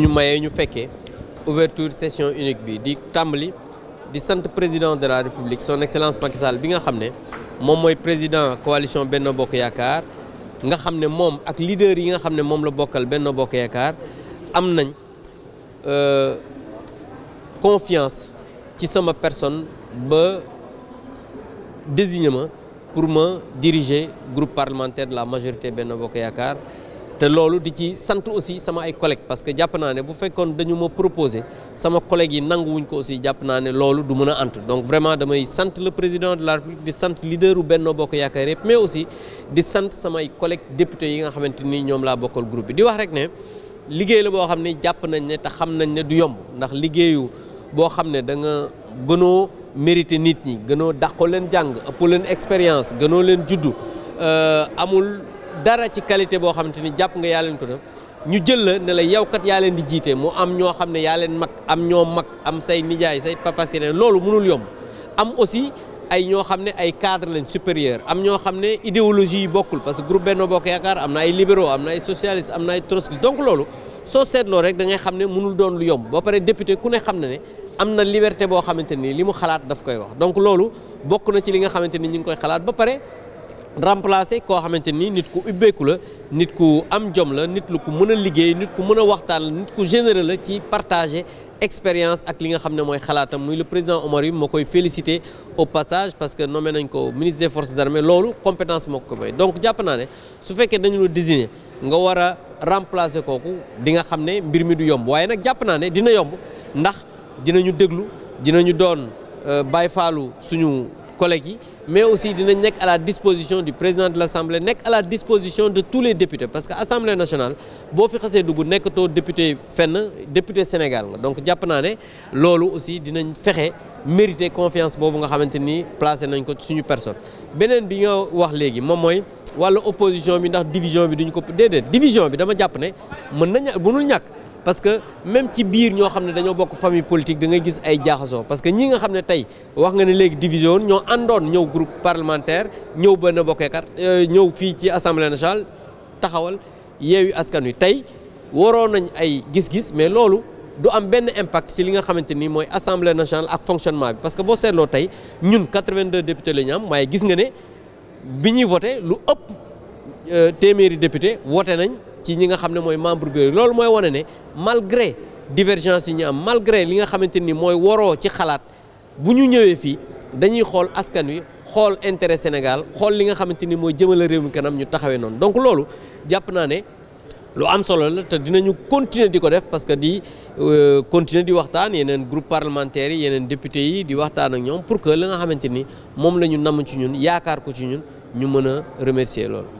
ñu mayee ñu fekkee ouverture session unique bi di tàmbali di sant président de la république son excellence Macky bi nga xam ne moom mooy président coalition benn Bokk Yaakaar nga xam ne moom ak leader yi nga xam ne moom la bokkal benn Bokk Yaakaar am nañ euh, confiance ci sama personne ba désigné ma pour ma diriger groupe parlementaire de la majorité Benno Bokk Yaakaar te loolu di ci sant aussi sama ay collègues parce que jàpp naa ne bu fekkoon dañu ma proposer sama collègues yi nanguwuñ ko aussi jàpp naa ne loolu du mën a ant donc vraiment damay sant le président de la République di sant leader u Benno Bokk Yaakaar yëpp mais aussi di sant samay collègues députés yi nga xamante ni ñoom laa bokkal groupe bi di wax rek ne liggéey la boo xam ne jàpp nañ ne te xam nañ ne du yomb ndax liggéeyu boo xam ne da nga mérité nit ñi gënoo dàqoo leen jàng ëppoo leen expérience gënoo leen juddu euh, amul dara ci qualité boo xamante ni jàpp nga yaa leen ko def ñu jël la ne la yow kat yaa leen di jiite mu am ñoo xam ne yaa leen mag am ñoo mag am say nijaay say papa loolu mënul yomb am aussi ay ñoo xam ne ay cadre lañ supérieur am ñoo xam ne idéologie yi bokkul parce que groupe Benno Bokk Yaakaar am na ay libéraux am na ay socialistes am na ay trotskistes donc loolu. soo seetloo rek da ngay xam ne mënul doon lu yomb ba pare député ku ne xam ne ne am na liberté boo xamante ni li mu xalaat dafa koy wax donc loolu bokk na ci li nga xamante ni ñu ngi koy xalaat ba pare remplacer koo xamante ni nit ku ubbeeku la nit ku am jom la nit lu ku mën a liggéey nit ku mën a waxtaan la nit ku généreux la ci partager expérience ak li nga xam ne mooy xalaatam muy le président Omar Youm moo koy félicité au passage parce que nommé nañ ko ministre des forces armées loolu compétence moo ko may donc jàpp naa ne su fekkee dañu la remplacer kooku di nga xam ne mbir mi du yomb waaye nag jàpp naa ne dina yomb ndax dinañu déglu dinañu doon euh, bàyyi faalu suñu collègues yi mais aussi dinañ nekk à la disposition du président de l'Assemblée nekk à la disposition de tous les députés parce que Assemblée nationale boo fi xasee dugg nekkatoo député fenn député Sénégal nga donc jàpp naa ne loolu aussi dinañ fexe mériter confiance boobu nga xamante ni placé nañ ko suñu personne beneen bi nga wax léegi moom mooy wala opposition bi ndax division bi duñ ko déedéet division bi dama jàpp ne mën na ña mënul ñàkk parce que même ci biir ñoo xam ne dañoo bokk famille politique da ngay gis ay jaaxasoo parce que ñi nga xam ne tey wax nga ne léegi division ñoo àndoon ñëw groupe parlementaire ñëw benn bokkeekat euh, ñëw fii ci assemblée nationale taxawal yeewi askan wi tey waroon nañ ay gis-gis mais loolu du am benn impact ci li nga xamante ni mooy assemblée nationale ak fonctionnement bi parce que boo seetloo tey ñun 82 députés la ñu am waaye gis nga ne. bi ñuy voté lu ëpp euh, téeméeri député voté nañ ci ñi nga xam ne mooy membre bureau loolu mooy wane ne malgré divergence yi ñu am malgré li nga xamante ni mooy waroo ci xalaat bu ñu ñëwee fii dañuy xool askan wi xool intérêt Sénégal xool li nga xamante ni mooy jëmale réew mi kanam ñu taxawee noonu donc loolu jàpp naa ne. lu am solo la te dinañu continuer di ko def parce que di euh, continuer di waxtaan yeneen groupe parlementaire yi yeneen député yi di waxtaan ak ñoom pour que la nga xamante ni moom la ñu namm ci ñun yaakaar ko ci ñun ñu mën a remercier loolu